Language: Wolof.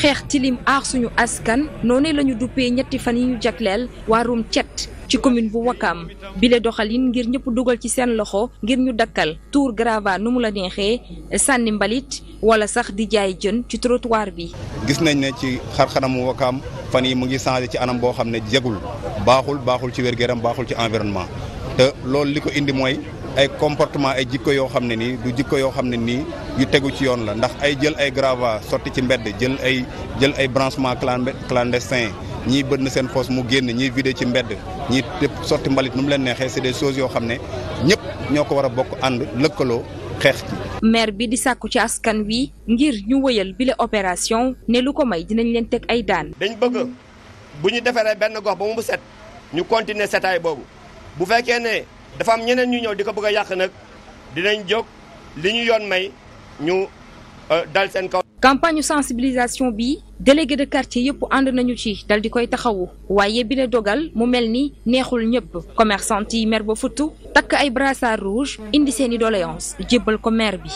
xeex tilim aar suñu askan noonu la ñu duppee ñetti fan yi ñu jagleel waarum cet ci commune bu Wakam bile doxalin ngir ñëpp dugal ci seen loxo ngir ñu dakkal tuur grava nu mu la neexee sànni mbalit wala sax di jaay jën ci trottoir bi. gis nañ ne ci xar-xaramu Wakam fan yi mu ngi changé ci anam boo xam ne jegul baaxul baaxul ci wér gu baaxul ci environnement te loolu li ko indi mooy. ay comportement ay jikko yoo xam ne nii du jikko yoo xam ne nii yu tegu ci yoon la ndax ay jël ay gravats sotti ci mbedd jël ay jël ay branchement clandestin ñii bënn seen foos mu génn ñii vidé ci mbedd ñii lépp sotti mbalit nu mu leen neexee c'est des choses yoo xam ne ñëpp ñoo ko war a bokk ànd lëkkaloo xeex ci. maire bi di sàkku ci askan wi ngir ñu wëyal bile opération ne lu ko may dinañ leen teg ay daan. dañu bëgg bu ñu defaree benn gox ba mu set ñu continuer setaay boobu dafa am ñeneen ñu ñëw di ko bëgg a yàq nag dinañ jóg li ñu yoon may ñu euh, dal seen kaw. campagne sensibilisation bi délégué de quartier yëpp ànd nañu ci dal di koy taxawu waaye bi la dogal mu mel ni neexul ñëpp commerçant yi mer ba futtu takk ay brassard rouge indi seen doléance jébbal ko maire bi.